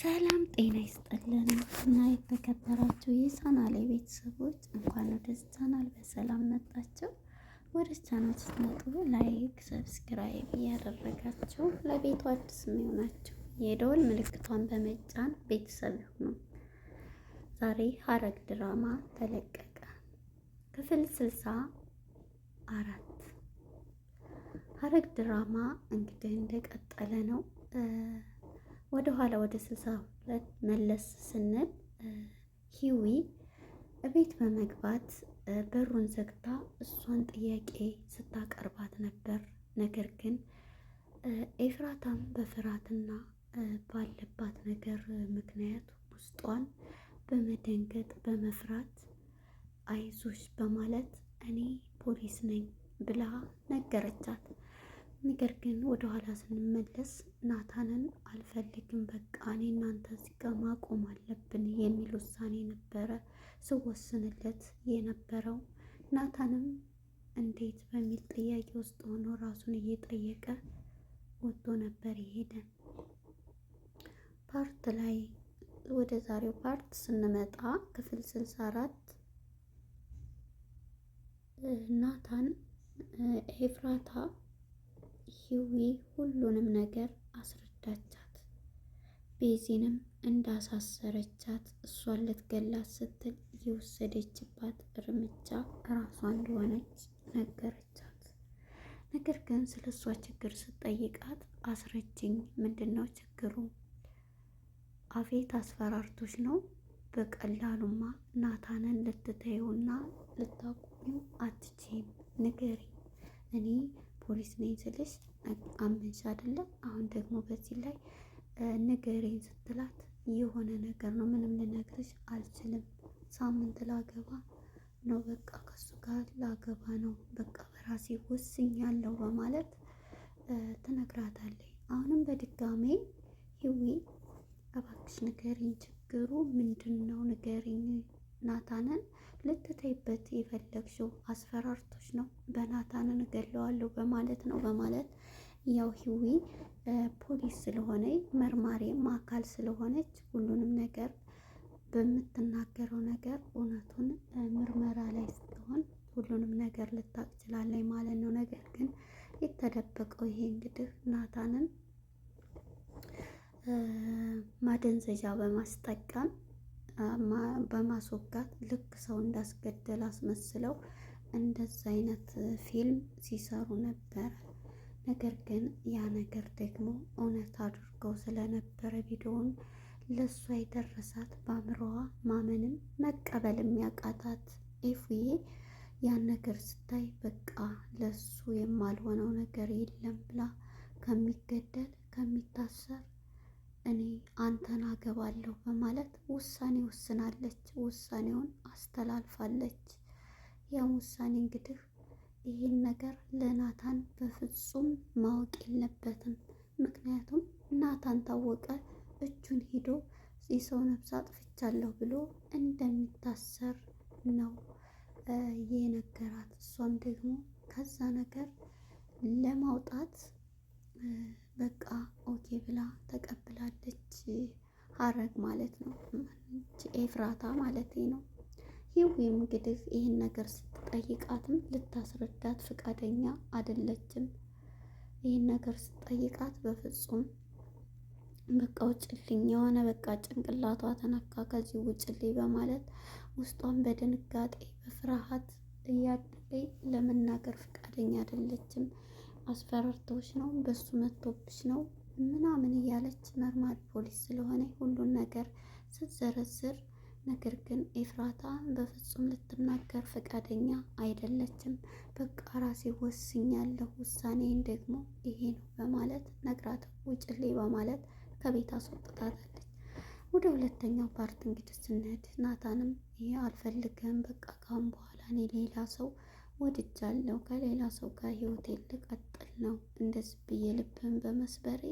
ሰላም ጤና ይስጥልን እና የተከበራችሁ የቻናሌ ቤተሰቦች እንኳን ወደ ቻናል በሰላም መጣችሁ። ወደ ቻናል ስትመጡ ላይክ፣ ሰብስክራይብ እያደረጋችሁ ለቤቱ አዲስ የሚሆናችሁ የደወል ምልክቷን በመጫን ቤተሰብ ይሁኑ። ዛሬ ሐረግ ድራማ ተለቀቀ ክፍል ስልሳ አራት ሐረግ ድራማ እንግዲህ እንደቀጠለ ነው። ወደ ኋላ ወደ ስልሳ ሁለት መለስ ስንል ሂዊ እቤት በመግባት በሩን ዘግታ እሷን ጥያቄ ስታቀርባት ነበር። ነገር ግን ኤፍራታም በፍርሃትና ባለባት ነገር ምክንያት ውስጧን በመደንገጥ በመፍራት አይዞሽ በማለት እኔ ፖሊስ ነኝ ብላ ነገረቻት። ነገር ግን ወደኋላ ስንመለስ ናታንን አልፈልግም፣ በቃ እኔ እናንተ እዚህ ጋ ማቆም አለብን የሚል ውሳኔ ነበረ ስወስንለት የነበረው። ናታንም እንዴት በሚል ጥያቄ ውስጥ ሆኖ ራሱን እየጠየቀ ወጥቶ ነበር የሄደ። ፓርት ላይ ወደ ዛሬው ፓርት ስንመጣ ክፍል ስልሳ አራት ናታን ኤፍራታ ህዊ ሁሉንም ነገር አስረዳቻት። ቤዚንም እንዳሳሰረቻት እሷን ልትገላት ስትል የወሰደችባት እርምጃ ራሷ እንደሆነች ነገረቻት። ነገር ግን ስለ እሷ ችግር ስትጠይቃት አስረጅኝ፣ ምንድን ነው ችግሩ? አቤት አስፈራርቶች ነው። በቀላሉማ ናታንን ልትተዩና ልታቆሚው አትችይም። ንገሪ እኔ ፖሊስ ነኝ ስልሽ አመንሽ አይደለ? አሁን ደግሞ በዚህ ላይ ንገሬን ስትላት የሆነ ነገር ነው ምንም ልነግርሽ አልችልም። ሳምንት ላገባ ነው በቃ ከሱ ጋር ላገባ ነው በቃ በራሴ ወስኛለሁ በማለት ትነግራታለች። አሁንም በድጋሜ ህዊ እባክሽ ንገሪኝ፣ ችግሩ ምንድን ነው ንገሪኝ ናታንን ልትተይበት የፈለግሽው አስፈራርቶች ነው፣ በናታንን እገለዋለሁ በማለት ነው በማለት ያው ሂዊ ፖሊስ ስለሆነ መርማሪም አካል ስለሆነች ሁሉንም ነገር በምትናገረው ነገር እውነቱን ምርመራ ላይ ስትሆን ሁሉንም ነገር ልታቅ ችላለች ማለት ነው። ነገር ግን የተደበቀው ይሄ እንግዲህ ናታንን ማደንዘዣ በማስጠቀም በማስወጋት ልክ ሰው እንዳስገደል አስመስለው እንደዛ አይነት ፊልም ሲሰሩ ነበር። ነገር ግን ያ ነገር ደግሞ እውነት አድርገው ስለነበረ ቪዲዮውን ለእሷ የደረሳት በአእምሮዋ ማመንም መቀበልም ያቃታት ኤፉዬ ያን ነገር ስታይ በቃ ለሱ የማልሆነው ነገር የለም ብላ ከሚገደል ከሚታሰር እኔ አንተን አገባለሁ በማለት ውሳኔ ወስናለች፣ ውሳኔውን አስተላልፋለች። ያም ውሳኔ እንግዲህ ይህን ነገር ለናታን በፍጹም ማወቅ የለበትም። ምክንያቱም ናታን ታወቀ እጁን ሂዶ የሰው ነፍስ አጥፍቻለሁ ብሎ እንደሚታሰር ነው የነገራት። እሷም ደግሞ ከዛ ነገር ለማውጣት በቃ ኦኬ ብላ ተቀብላለች። ሀረግ ማለት ነው ኤፍራታ ማለት ነው። ይህም እንግዲህ ይህን ነገር ስትጠይቃትም ልታስረዳት ፍቃደኛ አይደለችም። ይህን ነገር ስትጠይቃት በፍጹም በቃ ውጭልኝ የሆነ በቃ ጭንቅላቷ ተነካ ከዚህ ውጭልኝ በማለት ውስጧን በድንጋጤ በፍርሃት እያደለኝ ለመናገር ፍቃደኛ አይደለችም። አስፈራርተውሽ ነው፣ በሱ መጥቶብሽ ነው ምናምን እያለች መርማሪ ፖሊስ ስለሆነ ሁሉን ነገር ስትዘረዝር፣ ነገር ግን ኤፍራታ በፍጹም ልትናገር ፈቃደኛ አይደለችም። በቃ ራሴ ወስኛለሁ፣ ውሳኔን ደግሞ ይሄ ነው በማለት ነግራት ውጭሌ በማለት ከቤት አስወጥታታለች። ወደ ሁለተኛው ፓርት እንግዲህ ስንሄድ ናታንም ይሄ አልፈልግም፣ በቃ ካሁን በኋላ እኔ ሌላ ሰው ወድጃለሁ። ከሌላ ሰው ጋር ህይወቴ ልቀጥል ነው። እንደዚህ ብዬ ልብን በመስበሬ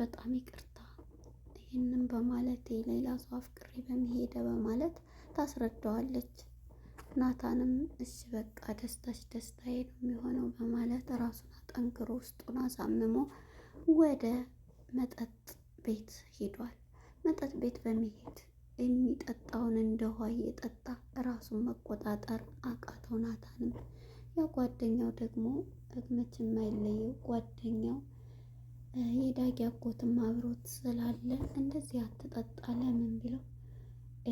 በጣም ይቅርታ፣ ይህንን በማለቴ ሌላ ሰው አፍቅሬ በመሄደ በማለት ታስረዳዋለች። ናታንም እሺ በቃ ደስታሽ ደስታዬ ነው የሚሆነው በማለት ራሱን አጠንክሮ ውስጡን አሳምሞ ወደ መጠጥ ቤት ሂዷል። መጠጥ ቤት በመሄድ የሚጠጣውን እንደ ውሃ እየጠጣ ራሱን መቆጣጠር አቃተው። ናታንም ያው ጓደኛው ደግሞ መች የማይለየው ጓደኛው የዳጊ አጎትም አብሮት ስላለ እንደዚህ አትጠጣ ለምን ቢለው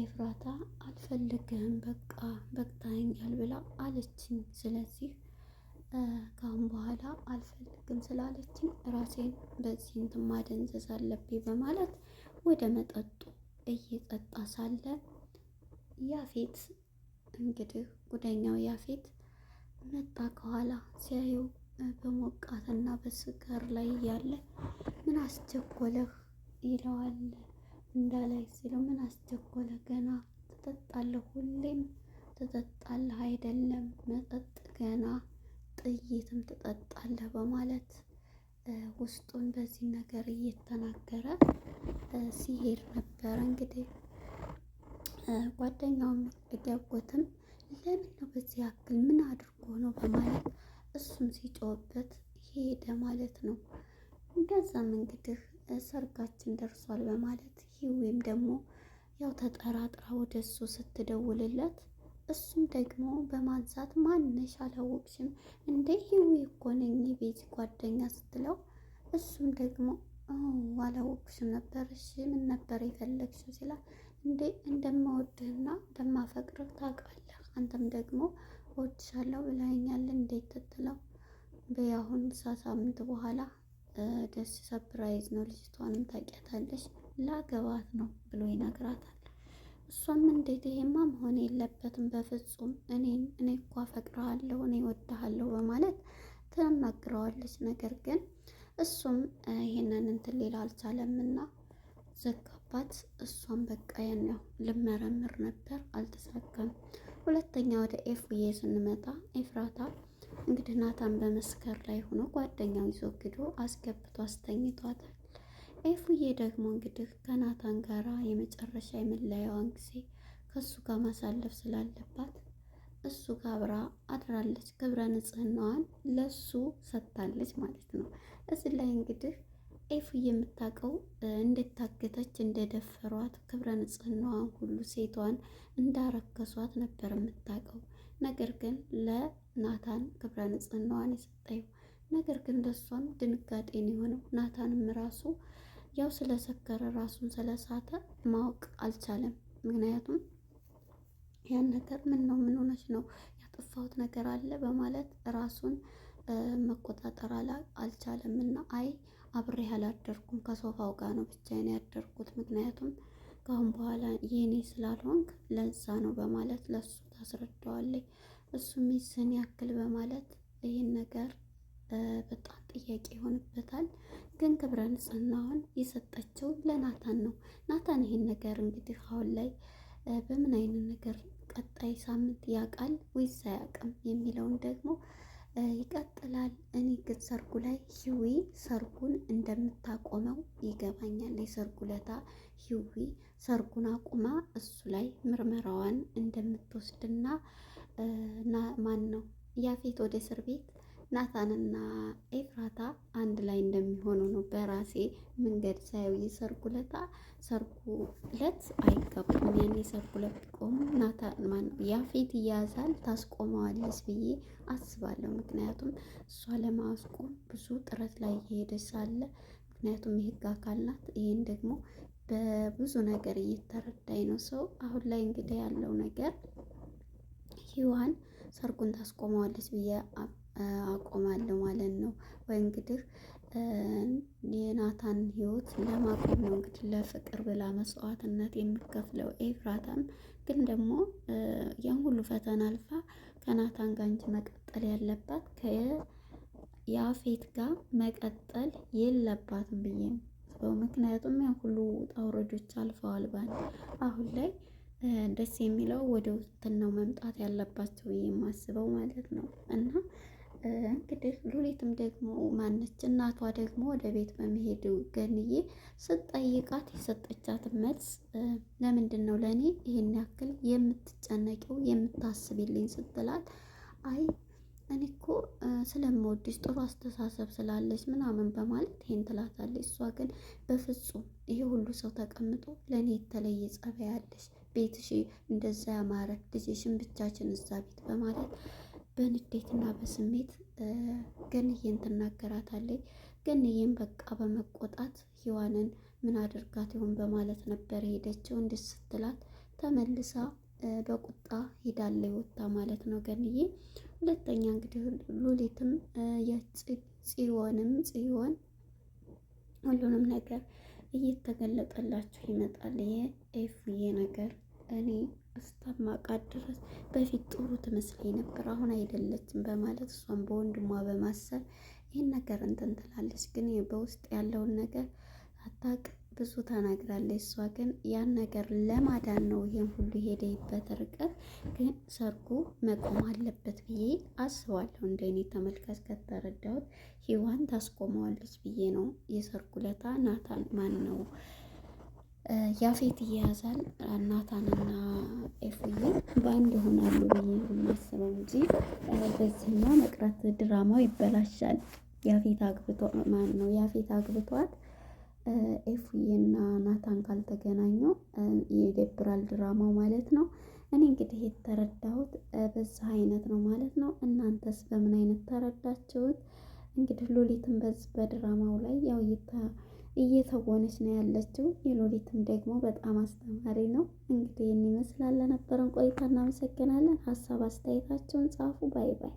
ኤፍራታ አልፈልግህም በቃ በቅታኛል ብላ አለችኝ። ስለዚህ ካሁን በኋላ አልፈልግም ስላለችኝ ራሴን በዚህ እንትን ማደንዘዝ አለብኝ በማለት ወደ መጠጡ እየጠጣ ሳለ ያፌት እንግዲህ ጉደኛው ያፌት መጣ ከኋላ ሲያየው በሞቃትና በስጋር ላይ እያለ ምን አስቸኮለህ ይለዋል። እንዳላይ ሲለው ምን አስቸኮለህ ገና ትጠጣለህ፣ ሁሌም ትጠጣለህ አይደለም መጠጥ ገና ጥይትም ትጠጣለህ በማለት ውስጡን በዚህ ነገር እየተናገረ ሲሄድ ነበር። ሲጮህበት ሄደ ማለት ነው። እንደዛም እንግዲህ ሰርጋችን ደርሷል በማለት ሂዊም ደግሞ ያው ተጠራጥራ ወደ እሱ ስትደውልለት እሱም ደግሞ በማንሳት ማንሽ አላወቅሽም እንደ ሂዊ እኮ ነኝ የቤዚ ጓደኛ ስትለው እሱም ደግሞ አላወቅሽም ነበር እሺ ምን ነበር የፈለግሽው ሲላት እንዴ እንደማወድህና እንደማፈቅርህ ታውቃለህ አንተም ደግሞ እወድሻለሁ ብለኸኛል እንዴት ትትለው በያሁን ሳሳምንት በኋላ ደስ ሰፕራይዝ ነው። ልጅቷንም ታውቂያታለሽ ላገባት ነው ብሎ ይነግራታል። እሷም እንዴት ይሄማ መሆን የለበትም በፍጹም እኔን እኔ እኮ አፈቅርሃለሁ እኔ ወድሃለሁ በማለት ትናግረዋለች ነገር ግን እሱም ይሄንን እንትን ሌላ አልቻለምና ዘጋባት። እሷም በቃ ያን ያው ልመረምር ነበር አልተሳካም። ሁለተኛ ወደ ኤፍዬ ስንመጣ ኤፍራታ እንግዲህ ናታን በመስከር ላይ ሆኖ ጓደኛው ይዞ ግዶ አስገብቶ አስተኝቷታል። ኤፉዬ ደግሞ እንግዲህ ከናታን ጋራ የመጨረሻ የመለያዋን ጊዜ ከእሱ ጋር ማሳለፍ ስላለባት እሱ ጋር አብራ አድራለች። ክብረ ንጽህናዋን ለሱ ሰጥታለች ማለት ነው። እዚህ ላይ እንግዲህ ኤፉዬ የምታውቀው እንደታገተች እንደደፈሯት፣ ክብረ ንጽህናዋን ሁሉ ሴቷን እንዳረከሷት ነበር የምታውቀው ነገር ግን ለ ናታን ክብረ ንጽህናዋን የሰጠው ነገር ግን ለሷም ድንጋጤን የሆነው ናታንም ራሱ ያው ስለሰከረ ራሱን ስለሳተ ማወቅ አልቻለም። ምክንያቱም ያን ነገር ምን ነው ምን ሆነች ነው ያጠፋሁት ነገር አለ በማለት ራሱን መቆጣጠር አልቻለም እና አይ አብሬ አላደርኩም ከሶፋው ጋር ነው ብቻዬን ያደርኩት፣ ምክንያቱም ከአሁን በኋላ የኔ ስላልሆንክ ለዛ ነው በማለት ለሱ ታስረዳዋለች። እሱም ይህን ያክል በማለት ይህን ነገር በጣም ጥያቄ ይሆንበታል። ግን ክብረ ንጽህናውን የሰጠችው ለናታን ነው። ናታን ይህን ነገር እንግዲህ አሁን ላይ በምን አይነት ነገር ቀጣይ ሳምንት ያውቃል ወይስ አያውቅም የሚለውን ደግሞ ይቀጥላል። እኔ ግን ሰርጉ ላይ ሂዊ ሰርጉን እንደምታቆመው ይገባኛል። የሰርጉ ለታ ሂዊ ሰርጉን አቁማ እሱ ላይ ምርመራዋን እንደምትወስድና ማን ነው ያፌት ወደ እስር ቤት ናታንና ኤፍራታ አንድ ላይ እንደሚሆኑ ነው በራሴ መንገድ ሳየው። የሰርጉ ለታ ሰርጉ ለት አይገቡም። ያኔ የሰርጉ ለት ቢቆሙ ናታን ማን ነው ያፌት እያያዛል ታስቆመዋለች ብዬ አስባለሁ። ምክንያቱም እሷ ለማስቆም ብዙ ጥረት ላይ እየሄደች ሳለ ምክንያቱም የህግ አካል ናት። ይህን ደግሞ በብዙ ነገር እየተረዳኝ ነው ሰው አሁን ላይ እንግዲህ ያለው ነገር ህዋን ሰርጉን ታስቆመዋለች ብዬ አቆማለሁ ማለት ነው። ወይ እንግዲህ የናታን ህይወት ለማቆም ነው እንግዲህ ለፍቅር ብላ መስዋዕትነት የሚከፍለው ኤፍራታም ግን ደግሞ ያን ሁሉ ፈተና አልፋ ከናታን ጋር እንጂ መቀጠል ያለባት ከያፌት ጋር መቀጠል የለባትም ብዬ ነው። ምክንያቱም ያን ሁሉ ውጣ ውረዶች አልፈዋል ባል አሁን ላይ ደስ የሚለው ወደ ውስጥን ነው መምጣት ያለባቸው የማስበው ማለት ነው። እና እንግዲህ ሉሊትም ደግሞ ማነች እናቷ ደግሞ ወደ ቤት በመሄድ ገንዬ ስጠይቃት የሰጠቻት መልስ ለምንድን ነው ለእኔ ይህን ያክል የምትጨነቂው የምታስቢልኝ? ስትላት አይ እኔ እኮ ስለምወድሽ ጥሩ አስተሳሰብ ስላለች ምናምን በማለት ይሄን ትላታለች። እሷ ግን በፍጹም ይሄ ሁሉ ሰው ተቀምጦ ለእኔ የተለየ ጸባይ አለሽ ቤትሽ እንደዛ ያማረ ልጅሽን ብቻችን እዛ ቤት በማለት በንዴትና በስሜት ገንዬን ትናገራታለች። ገንዬን በቃ በመቆጣት ህዋንን ምን አድርጋት ይሆን በማለት ነበር ሄደችው። እንዲህ ስትላት ተመልሳ በቁጣ ሂዳለች ወጣ ማለት ነው ገንዬ። ሁለተኛ እንግዲህ ሉሊትም የጽዮንም ጽዮን ሁሉንም ነገር እየተገለጠላችሁ ይመጣል። ይሄ ኤፍዬ ነገር እኔ እስከማውቃት ድረስ በፊት ጥሩ ትመስለኝ ነበር፣ አሁን አይደለችም በማለት እሷም በወንድሟ በማሰብ ይህን ነገር እንትን ትላለች። ግን በውስጥ ያለውን ነገር አታቅ ብዙ ተናግራለች። እሷ ግን ያን ነገር ለማዳን ነው ይህን ሁሉ ሄደይበት ርቀት። ግን ሰርጉ መቆም አለበት ብዬ አስባለሁ። እንደኔ ተመልካች ከተረዳሁት ሂዋን ታስቆመዋለች ብዬ ነው። የሰርጉ ለታ ናታን ማን ነው ያፌት እያያዛል ናታንና ኤፍዬ በአንድ ይሆናሉ ብዬ የማስበው እንጂ በዚህኛ መቅረት ድራማው ይበላሻል። ያፌት አግብቶ ማን ነው ያፌት አግብቷት ኤፍዬና ናታን ካልተገናኙ ይደብራል ድራማው ማለት ነው። እኔ እንግዲህ የተረዳሁት በዚህ አይነት ነው ማለት ነው። እናንተስ በምን አይነት ተረዳችሁት? እንግዲህ ሎሊትን በዚህ በድራማው ላይ ያው እየተወነች ነው ያለችው። የሎሊትም ደግሞ በጣም አስተማሪ ነው። እንግዲህ ይህን ይመስላል። ለነበረን ቆይታ እናመሰግናለን። ሀሳብ አስተያየታቸውን ጻፉ። ባይ ባይ።